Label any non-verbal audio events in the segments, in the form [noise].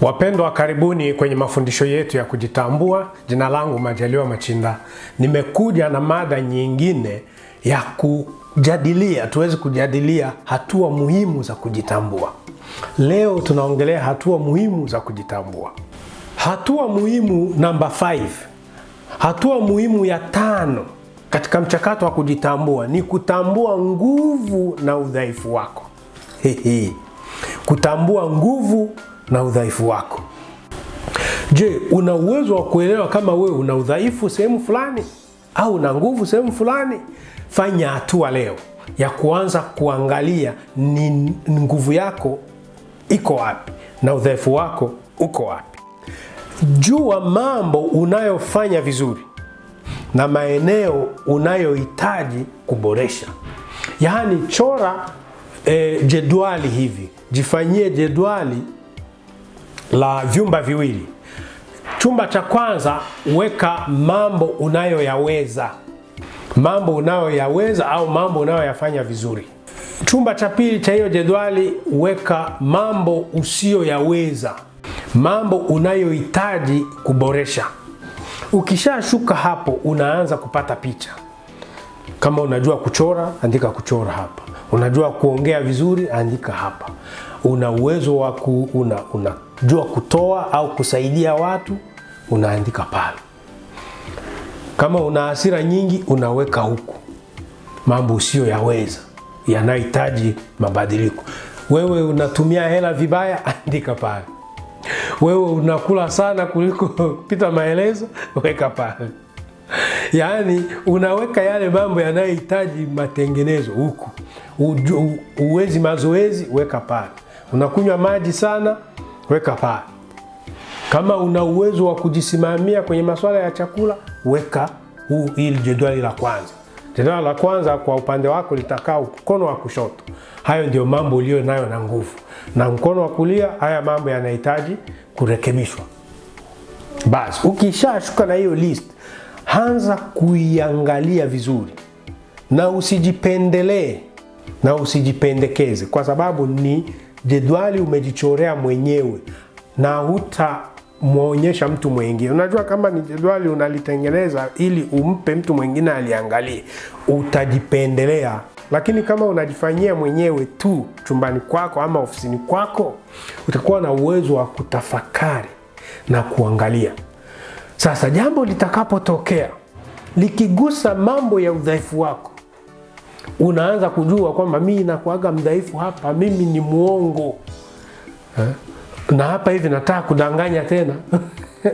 Wapendwa, karibuni kwenye mafundisho yetu ya kujitambua. Jina langu Majaliwa Machinda, nimekuja na mada nyingine ya kujadilia, tuweze kujadilia hatua muhimu za kujitambua. Leo tunaongelea hatua muhimu za kujitambua, hatua muhimu namba 5. Hatua muhimu ya tano katika mchakato wa kujitambua ni kutambua nguvu na udhaifu wako. Hihi. Kutambua nguvu na udhaifu wako. Je, una uwezo wa kuelewa kama wewe una udhaifu sehemu fulani au una nguvu sehemu fulani? Fanya hatua leo ya kuanza kuangalia ni nguvu yako iko wapi na udhaifu wako uko wapi. Jua mambo unayofanya vizuri na maeneo unayohitaji kuboresha. Yaani chora e, jedwali hivi, jifanyie jedwali la vyumba viwili. Chumba cha kwanza weka mambo unayoyaweza, mambo unayoyaweza au mambo unayoyafanya vizuri. Chumba cha pili cha hiyo jedwali weka mambo usiyoyaweza, mambo unayohitaji kuboresha. Ukishashuka hapo, unaanza kupata picha. Kama unajua kuchora, andika kuchora hapa. Unajua kuongea vizuri, andika hapa. Una uwezo wa ku una, una jua kutoa au kusaidia watu, unaandika pale. Kama una hasira nyingi, unaweka huku mambo usiyoyaweza yanahitaji mabadiliko. Wewe unatumia hela vibaya, [laughs] andika pale. Wewe unakula sana kuliko [laughs] pita maelezo, [laughs] weka pale. Yaani unaweka yale mambo yanayohitaji matengenezo huku. Uwezi mazoezi, weka pale. Unakunywa maji sana weka paa. Kama una uwezo wa kujisimamia kwenye masuala ya chakula, weka huu hili jedwali la kwanza. Jedwali la kwanza kwa upande wako litakaa mkono wa kushoto. Hayo ndio mambo uliyo nayo na nguvu, na mkono wa kulia, haya mambo yanahitaji kurekebishwa. Basi ukishashuka na hiyo list, anza kuiangalia vizuri na usijipendelee na usijipendekeze, kwa sababu ni jedwali umejichorea mwenyewe na mwonyesha mtu mwingine. Unajua, kama ni jedwali unalitengeneza ili umpe mtu mwingine aliangalie, utajipendelea. Lakini kama unajifanyia mwenyewe tu chumbani kwako ama ofisini kwako, utakuwa na uwezo wa kutafakari na kuangalia. Sasa jambo litakapotokea likigusa mambo ya udhaifu wako unaanza kujua kwamba mimi nakuaga mdhaifu hapa, mimi ni muongo ha? na hapa hivi nataka kudanganya tena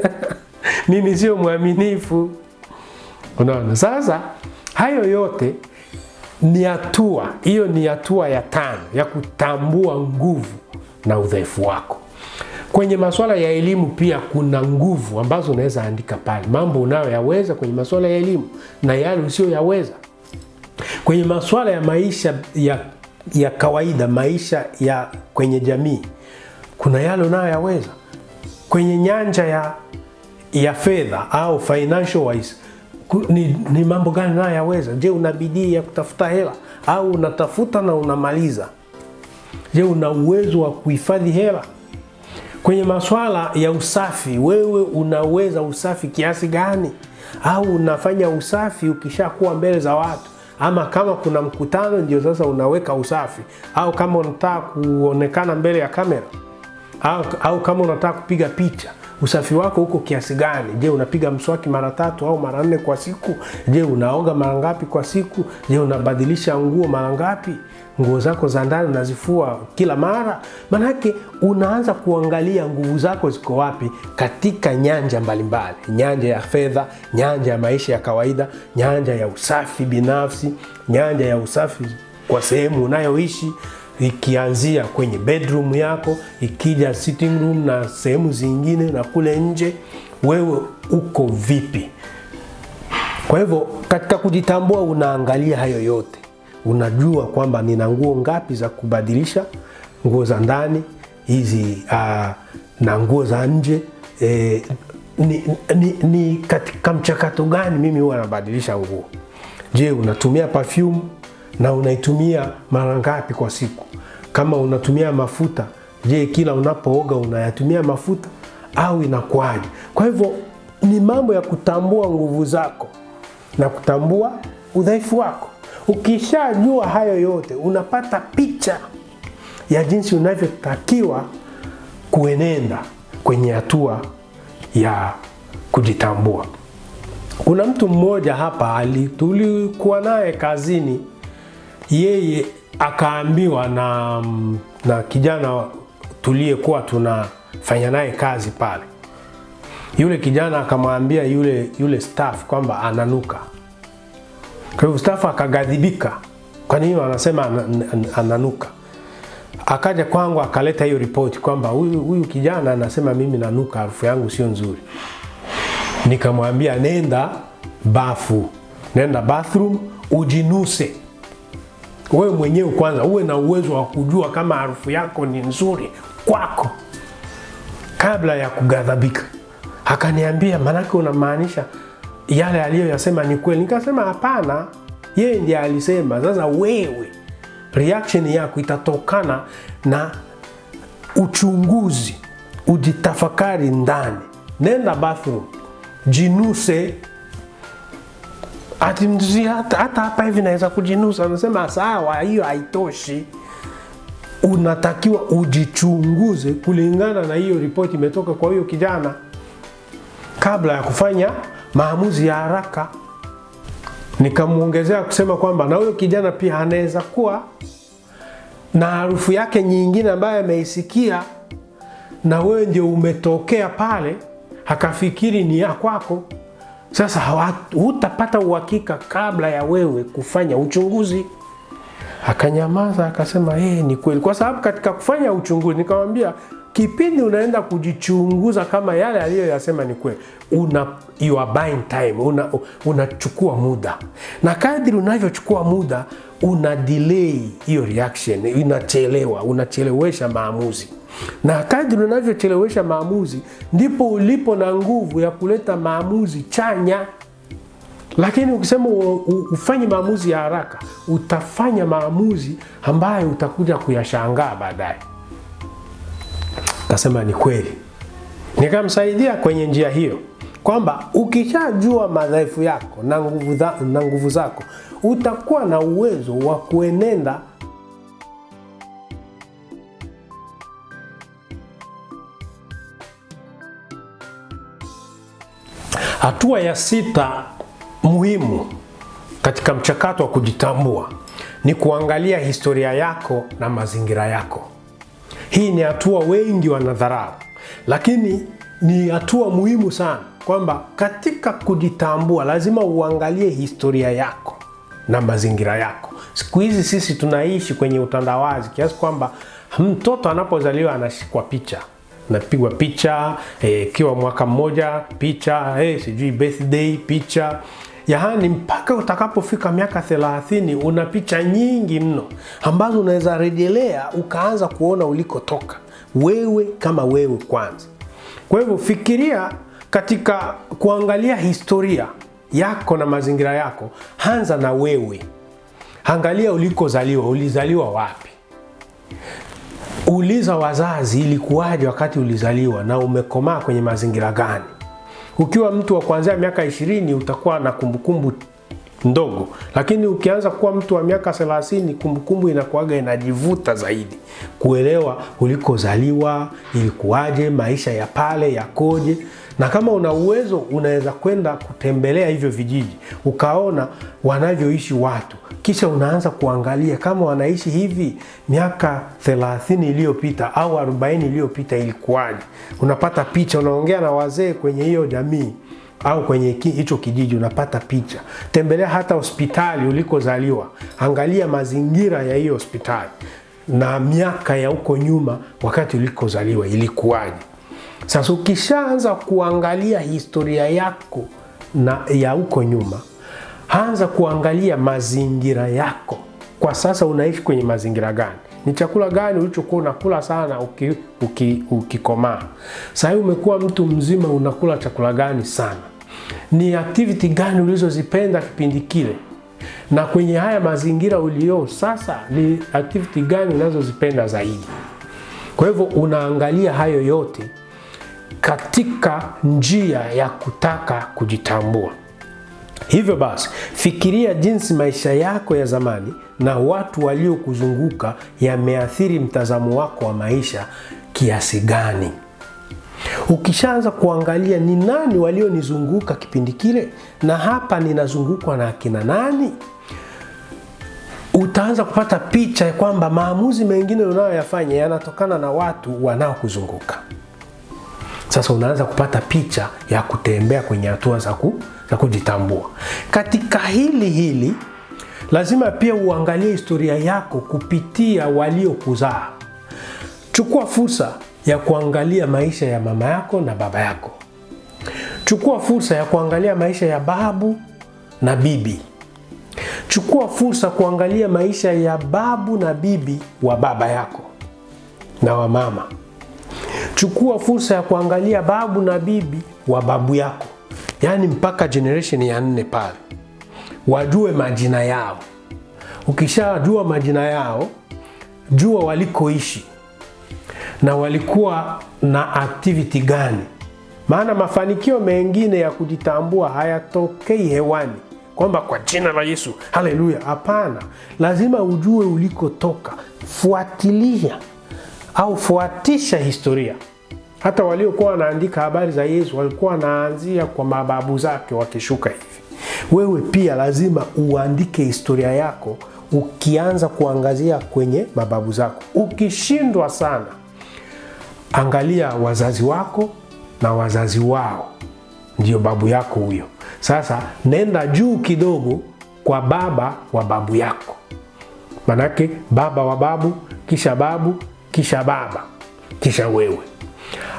[laughs] mimi sio mwaminifu. Unaona, sasa hayo yote ni hatua, hiyo ni hatua ya tano ya kutambua nguvu na udhaifu wako. Kwenye masuala ya elimu pia kuna nguvu ambazo unaweza andika pale, mambo unayoyaweza kwenye masuala ya elimu na yale usiyoyaweza. Kwenye masuala ya maisha ya, ya kawaida, maisha ya kwenye jamii, kuna yale unayoyaweza kwenye nyanja ya, ya fedha au financial wise, ni, ni mambo gani unayoyaweza? Je, una bidii ya kutafuta hela au unatafuta na unamaliza? Je, una uwezo wa kuhifadhi hela? Kwenye masuala ya usafi, wewe unaweza usafi kiasi gani? Au unafanya usafi ukishakuwa mbele za watu? ama kama kuna mkutano ndio sasa unaweka usafi, au kama unataka kuonekana mbele ya kamera au, au kama unataka kupiga picha Usafi wako huko kiasi gani? Je, unapiga mswaki mara tatu au mara nne kwa siku? Je, unaoga mara ngapi kwa siku? Je, unabadilisha nguo mara ngapi? Nguo zako za ndani unazifua kila mara? Manake unaanza kuangalia nguvu zako ziko wapi katika nyanja mbalimbali mbali. Nyanja ya fedha, nyanja ya maisha ya kawaida, nyanja ya usafi binafsi, nyanja ya usafi kwa sehemu unayoishi ikianzia kwenye bedroom yako ikija sitting room na sehemu zingine na kule nje, wewe uko vipi? Kwa hivyo katika kujitambua, unaangalia hayo yote, unajua kwamba nina nguo ngapi za kubadilisha, nguo za ndani hizi uh, na nguo za nje eh, ni, ni, ni katika mchakato gani mimi huwa nabadilisha nguo? Je, unatumia perfume na unaitumia mara ngapi kwa siku. Kama unatumia mafuta, je, kila unapooga unayatumia mafuta au inakuwaje? Kwa hivyo ni mambo ya kutambua nguvu zako na kutambua udhaifu wako. Ukishajua hayo yote, unapata picha ya jinsi unavyotakiwa kuenenda kwenye hatua ya kujitambua. Kuna mtu mmoja hapa tulikuwa naye kazini yeye akaambiwa na, na kijana tuliyekuwa tunafanya naye kazi pale, yule kijana akamwambia yule, yule staff kwamba ananuka. Kwa hivyo staff akagadhibika, kwa nini wanasema ananuka? Akaja kwangu akaleta hiyo ripoti kwamba huyu huyu kijana anasema mimi nanuka, harufu yangu sio nzuri. Nikamwambia nenda bafu, nenda bathroom ujinuse wewe mwenyewe kwanza uwe na uwezo wa kujua kama harufu yako ni nzuri kwako kabla ya kugadhabika. Akaniambia, maanake unamaanisha yale aliyoyasema ni kweli? Nikasema hapana, yeye ndiye alisema. Sasa wewe reaction yako itatokana na uchunguzi, ujitafakari ndani. Nenda bathroom, jinuse Ati mzee hata hapa hivi naweza kujinusa. Anasema sawa, hiyo haitoshi, unatakiwa ujichunguze kulingana na hiyo ripoti imetoka kwa huyo kijana, kabla ya kufanya maamuzi ya haraka. Nikamwongezea kusema kwamba na huyo kijana pia anaweza kuwa na harufu yake nyingine ambayo ameisikia, na wewe ndio umetokea pale, akafikiri ni ya kwako. Sasa hutapata uhakika kabla ya wewe kufanya uchunguzi. Akanyamaza akasema, eh, ni kweli. Kwa sababu katika kufanya uchunguzi nikamwambia kipindi unaenda kujichunguza kama yale aliyoyasema ni kweli, una you are buying time, una unachukua muda, na kadri unavyochukua muda una delay hiyo reaction, inachelewa, unachelewesha maamuzi, na kadri unavyochelewesha maamuzi ndipo ulipo na nguvu ya kuleta maamuzi chanya. Lakini ukisema ufanye maamuzi ya haraka, utafanya maamuzi ambayo utakuja kuyashangaa baadaye. Akasema ni kweli, nikamsaidia kwenye njia hiyo kwamba ukishajua madhaifu yako na nguvu na nguvu zako utakuwa na uwezo wa kuenenda Hatua ya sita muhimu katika mchakato wa kujitambua ni kuangalia historia yako na mazingira yako. Hii ni hatua wengi wanadharau, lakini ni hatua muhimu sana, kwamba katika kujitambua lazima uangalie historia yako na mazingira yako. Siku hizi sisi tunaishi kwenye utandawazi kiasi kwamba mtoto anapozaliwa anashikwa picha napigwa picha eh, ikiwa e, mwaka mmoja picha e, sijui birthday picha yaani mpaka utakapofika miaka thelathini una picha nyingi mno ambazo unaweza rejelea ukaanza kuona ulikotoka wewe kama wewe kwanza. Kwa hivyo fikiria katika kuangalia historia yako na mazingira yako, anza na wewe. Angalia ulikozaliwa, ulizaliwa wapi? Uliza wazazi ilikuwaje wakati ulizaliwa na umekomaa kwenye mazingira gani? Ukiwa mtu wa kuanzia miaka ishirini utakuwa na kumbukumbu ndogo, lakini ukianza kuwa mtu wa miaka thelathini kumbukumbu inakuaga inajivuta zaidi, kuelewa ulikozaliwa ilikuwaje, maisha ya pale yakoje na kama una uwezo unaweza kwenda kutembelea hivyo vijiji ukaona wanavyoishi watu, kisha unaanza kuangalia kama wanaishi hivi miaka 30 iliyopita au 40 iliyopita ilikuwaje. Unapata picha, unaongea na wazee kwenye hiyo jamii au kwenye hicho kijiji, unapata picha. Tembelea hata hospitali ulikozaliwa, angalia mazingira ya hiyo hospitali na miaka ya huko nyuma, wakati ulikozaliwa ilikuwaje. Sasa ukishaanza kuangalia historia yako na ya huko nyuma, anza kuangalia mazingira yako kwa sasa. Unaishi kwenye mazingira gani? Ni chakula gani ulichokuwa unakula sana ukikomaa? Uki, uki sasa hivi umekuwa mtu mzima, unakula chakula gani sana? Ni activity gani ulizozipenda kipindi kile, na kwenye haya mazingira ulio sasa, ni activity gani unazozipenda zaidi? Kwa hivyo unaangalia hayo yote katika njia ya kutaka kujitambua. Hivyo basi, fikiria jinsi maisha yako ya zamani na watu waliokuzunguka yameathiri mtazamo wako wa maisha kiasi gani. Ukishaanza kuangalia ni nani walionizunguka kipindi kile na hapa ninazungukwa na akina nani, utaanza kupata picha ya kwamba maamuzi mengine unayoyafanya yanatokana na watu wanaokuzunguka. Sasa unaanza kupata picha ya kutembea kwenye hatua za, ku, za kujitambua. Katika hili hili lazima pia uangalie historia yako kupitia waliokuzaa. Chukua fursa ya kuangalia maisha ya mama yako na baba yako. Chukua fursa ya kuangalia maisha ya babu na bibi. Chukua fursa kuangalia maisha ya babu na bibi wa baba yako na wa mama. Chukua fursa ya kuangalia babu na bibi wa babu yako, yaani mpaka generation ya nne pale, wajue majina yao. Ukishajua majina yao, jua walikoishi na walikuwa na activity gani, maana mafanikio mengine ya kujitambua hayatokei hewani kwamba kwa jina la Yesu haleluya. Hapana, lazima ujue ulikotoka, fuatilia au fuatisha historia. Hata waliokuwa wanaandika habari za Yesu walikuwa wanaanzia kwa mababu zake wakishuka hivi. Wewe pia lazima uandike historia yako ukianza kuangazia kwenye mababu zako. Ukishindwa sana, angalia wazazi wako na wazazi wao, ndio babu yako huyo. Sasa nenda juu kidogo kwa baba wa babu yako, manake baba wa babu, kisha babu kisha baba, kisha wewe.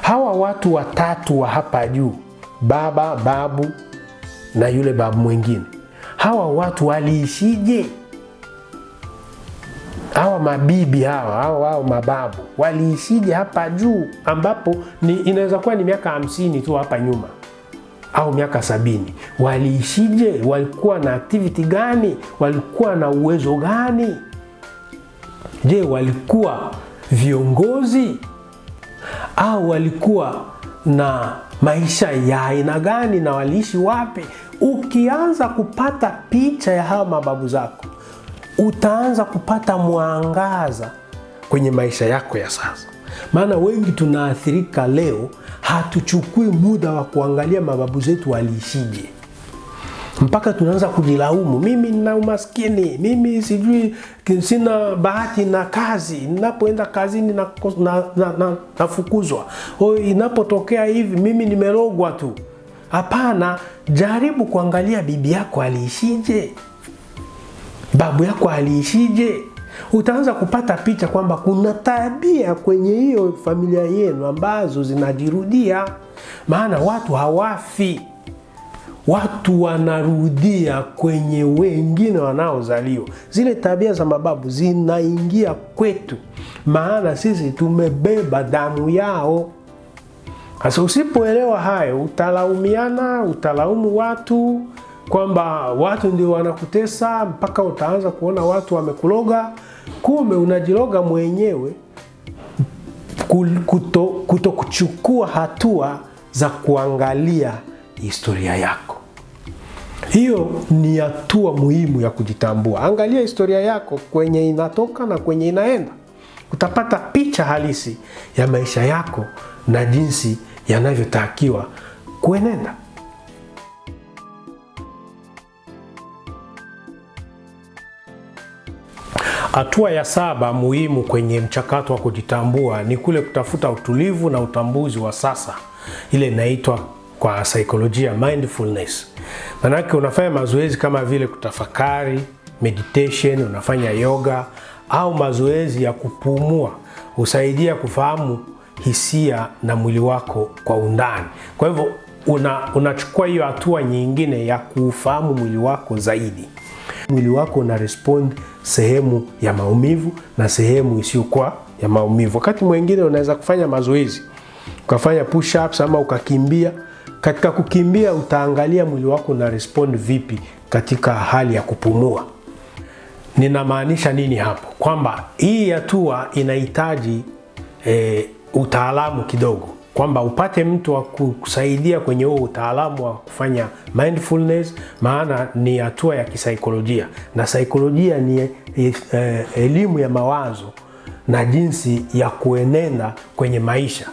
Hawa watu watatu wa hapa juu, baba, babu na yule babu mwingine, hawa watu waliishije? Hawa mabibi hawa hawa hawa mababu waliishije hapa juu, ambapo ni inaweza kuwa ni miaka hamsini tu hapa nyuma au miaka sabini Waliishije? walikuwa na activity gani? walikuwa na uwezo gani? Je, walikuwa viongozi au walikuwa na maisha ya aina gani na waliishi wapi? Ukianza kupata picha ya hawa mababu zako, utaanza kupata mwangaza kwenye maisha yako ya sasa. Maana wengi tunaathirika leo, hatuchukui muda wa kuangalia mababu zetu waliishije mpaka tunaanza kujilaumu, mimi nina umaskini, mimi sijui sina bahati na kazi, ninapoenda kazini nafukuzwa, na, na, na inapotokea hivi, mimi nimerogwa tu. Hapana, jaribu kuangalia bibi yako aliishije, babu yako aliishije. Utaanza kupata picha kwamba kuna tabia kwenye hiyo familia yenu ambazo zinajirudia, maana watu hawafi watu wanarudia kwenye wengine wanaozaliwa. Zile tabia za mababu zinaingia kwetu, maana sisi tumebeba damu yao. Sasa usipoelewa hayo, utalaumiana, utalaumu watu kwamba watu ndio wanakutesa, mpaka utaanza kuona watu wamekuloga. Kumbe unajiloga mwenyewe, kuto kutokuchukua hatua za kuangalia historia yako. Hiyo ni hatua muhimu ya kujitambua. Angalia historia yako kwenye inatoka na kwenye inaenda, utapata picha halisi ya maisha yako na jinsi yanavyotakiwa kuenenda. Hatua ya saba muhimu kwenye mchakato wa kujitambua ni kule kutafuta utulivu na utambuzi wa sasa, ile inaitwa kwa saikolojia mindfulness. Manake unafanya mazoezi kama vile kutafakari, meditation, unafanya yoga au mazoezi ya kupumua, husaidia kufahamu hisia na mwili wako kwa undani. Kwa hivyo unachukua hiyo hatua nyingine ya kuufahamu mwili wako zaidi. Mwili wako una respond sehemu ya maumivu na sehemu isiyokuwa ya maumivu. Wakati mwingine unaweza kufanya mazoezi ukafanya push ups ama ukakimbia katika kukimbia utaangalia mwili wako una respond vipi katika hali ya kupumua. Ninamaanisha nini hapo? Kwamba hii hatua inahitaji e, utaalamu kidogo, kwamba upate mtu wa kusaidia kwenye huo utaalamu wa kufanya mindfulness, maana ni hatua ya kisaikolojia na saikolojia ni e, e, elimu ya mawazo na jinsi ya kuenenda kwenye maisha.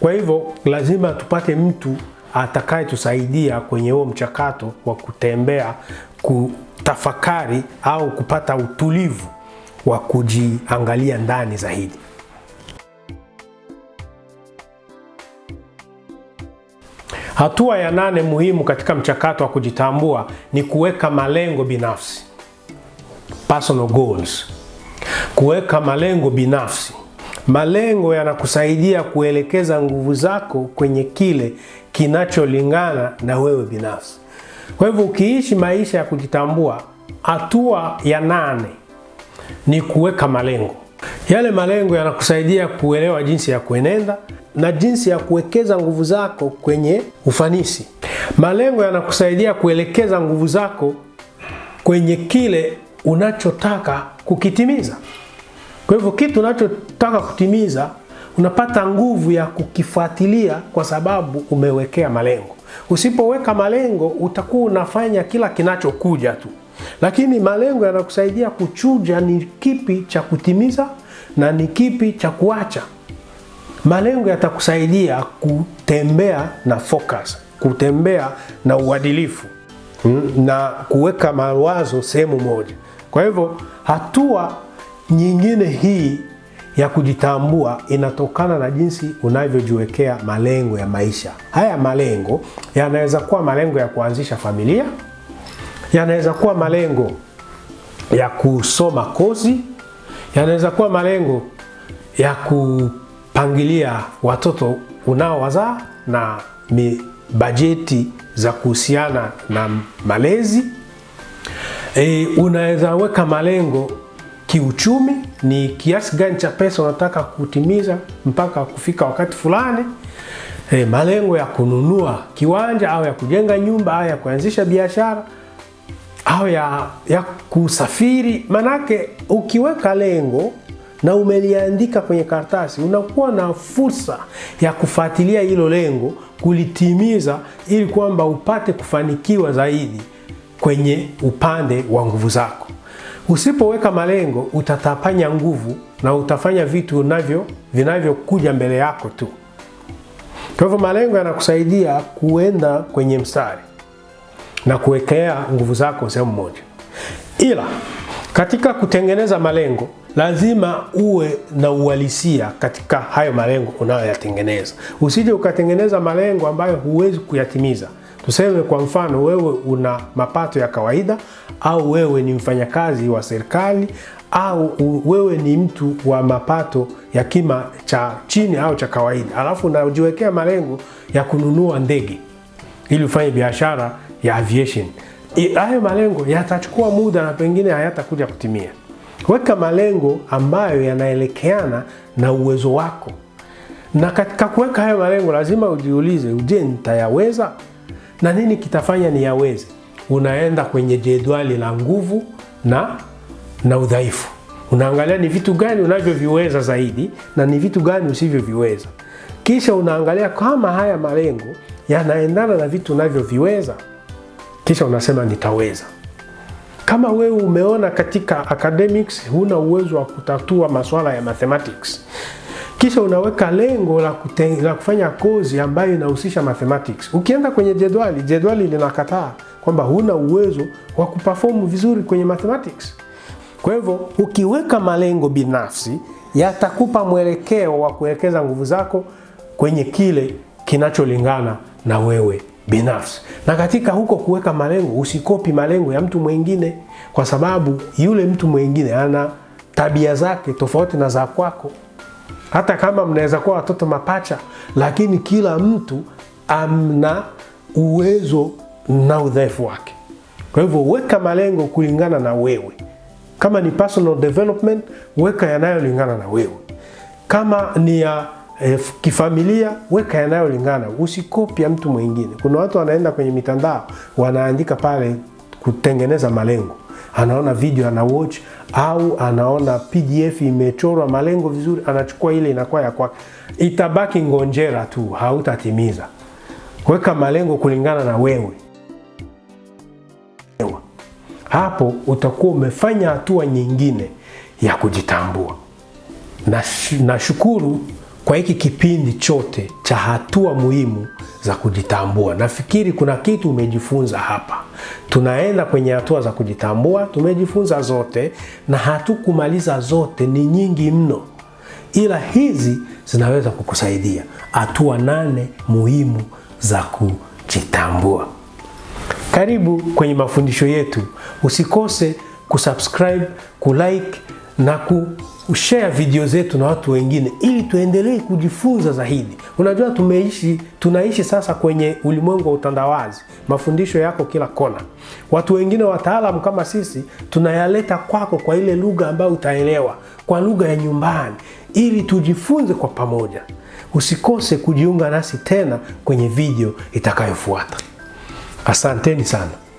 Kwa hivyo lazima tupate mtu atakayetusaidia kwenye huo mchakato wa kutembea, kutafakari au kupata utulivu wa kujiangalia ndani zaidi. Hatua ya nane muhimu katika mchakato wa kujitambua ni kuweka malengo binafsi, personal goals. Kuweka malengo binafsi. Malengo yanakusaidia kuelekeza nguvu zako kwenye kile kinacholingana na wewe binafsi. Kwa hivyo ukiishi maisha ya kujitambua, hatua ya nane ni kuweka malengo. Yale malengo yanakusaidia kuelewa jinsi ya kuenenda na jinsi ya kuwekeza nguvu zako kwenye ufanisi. Malengo yanakusaidia kuelekeza nguvu zako kwenye kile unachotaka kukitimiza. Kwa hivyo kitu unachotaka kutimiza unapata nguvu ya kukifuatilia kwa sababu umewekea malengo. Usipoweka malengo, utakuwa unafanya kila kinachokuja tu, lakini malengo yanakusaidia kuchuja ni kipi cha kutimiza na ni kipi cha kuacha. Malengo yatakusaidia kutembea na focus, kutembea na uadilifu hmm, na kuweka mawazo sehemu moja. Kwa hivyo hatua nyingine hii ya kujitambua inatokana na jinsi unavyojiwekea malengo ya maisha. Haya malengo yanaweza kuwa malengo ya kuanzisha familia, yanaweza kuwa malengo ya kusoma kozi, yanaweza kuwa malengo ya kupangilia watoto unaowazaa na bajeti za kuhusiana na malezi. E, unaweza weka malengo kiuchumi, ni kiasi gani cha pesa unataka kutimiza mpaka kufika wakati fulani. E, malengo ya kununua kiwanja au ya kujenga nyumba au ya kuanzisha biashara au ya, ya kusafiri. Manake ukiweka lengo na umeliandika kwenye karatasi, unakuwa na fursa ya kufuatilia hilo lengo, kulitimiza, ili kwamba upate kufanikiwa zaidi kwenye upande wa nguvu zako. Usipoweka malengo utatapanya nguvu na utafanya vitu unavyo vinavyokuja mbele yako tu. Kwa hivyo malengo yanakusaidia kuenda kwenye mstari na kuwekea nguvu zako sehemu moja, ila katika kutengeneza malengo lazima uwe na uhalisia katika hayo malengo unayoyatengeneza. Usije ukatengeneza malengo ambayo huwezi kuyatimiza. Tuseme kwa mfano, wewe una mapato ya kawaida, au wewe ni mfanyakazi wa serikali, au wewe ni mtu wa mapato ya kima cha chini au cha kawaida, alafu unajiwekea malengo ya kununua ndege ili ufanye biashara ya aviation. Hayo malengo yatachukua muda na pengine hayatakuja kutimia. Weka malengo ambayo yanaelekeana na uwezo wako, na katika kuweka hayo malengo lazima ujiulize, uje nitayaweza? na nini kitafanya ni yaweze? Unaenda kwenye jedwali la nguvu na, na udhaifu, unaangalia ni vitu gani unavyoviweza zaidi na ni vitu gani usivyoviweza, kisha unaangalia kama haya malengo yanaendana na vitu unavyoviweza, kisha unasema nitaweza. Kama wewe umeona katika academics huna uwezo wa kutatua masuala ya mathematics kisha unaweka lengo la, kuten, la kufanya kozi ambayo inahusisha mathematics. Ukienda kwenye jedwali, jedwali linakataa kwamba huna uwezo wa kuperform vizuri kwenye mathematics. Kwa hivyo ukiweka malengo binafsi yatakupa mwelekeo wa kuelekeza nguvu zako kwenye kile kinacholingana na wewe binafsi. Na katika huko kuweka malengo, usikopi malengo ya mtu mwingine, kwa sababu yule mtu mwingine ana tabia zake tofauti na za kwako. Hata kama mnaweza kuwa watoto mapacha, lakini kila mtu amna uwezo na udhaifu wake. Kwa hivyo weka malengo kulingana na wewe. Kama ni personal development, weka yanayolingana na wewe. Kama ni ya eh, kifamilia, weka yanayolingana. Usikopia mtu mwingine. Kuna watu wanaenda kwenye mitandao wanaandika pale kutengeneza malengo anaona video ana watch au anaona PDF imechorwa malengo vizuri, anachukua ile inakuwa ya kwake, itabaki ngonjera tu, hautatimiza. Weka malengo kulingana na wewe, hapo utakuwa umefanya hatua nyingine ya kujitambua. Na nashukuru kwa hiki kipindi chote cha hatua muhimu za kujitambua. Nafikiri kuna kitu umejifunza hapa tunaenda kwenye hatua za kujitambua. Tumejifunza zote na hatukumaliza zote, ni nyingi mno, ila hizi zinaweza kukusaidia. Hatua nane muhimu za kujitambua. Karibu kwenye mafundisho yetu, usikose kusubscribe, kulike na kushare video zetu na watu wengine, ili tuendelee kujifunza zaidi. Unajua, tumeishi tunaishi sasa kwenye ulimwengu wa utandawazi, mafundisho yako kila kona. Watu wengine wataalamu kama sisi tunayaleta kwako kwa ile lugha ambayo utaelewa, kwa lugha ya nyumbani, ili tujifunze kwa pamoja. Usikose kujiunga nasi tena kwenye video itakayofuata. Asanteni sana.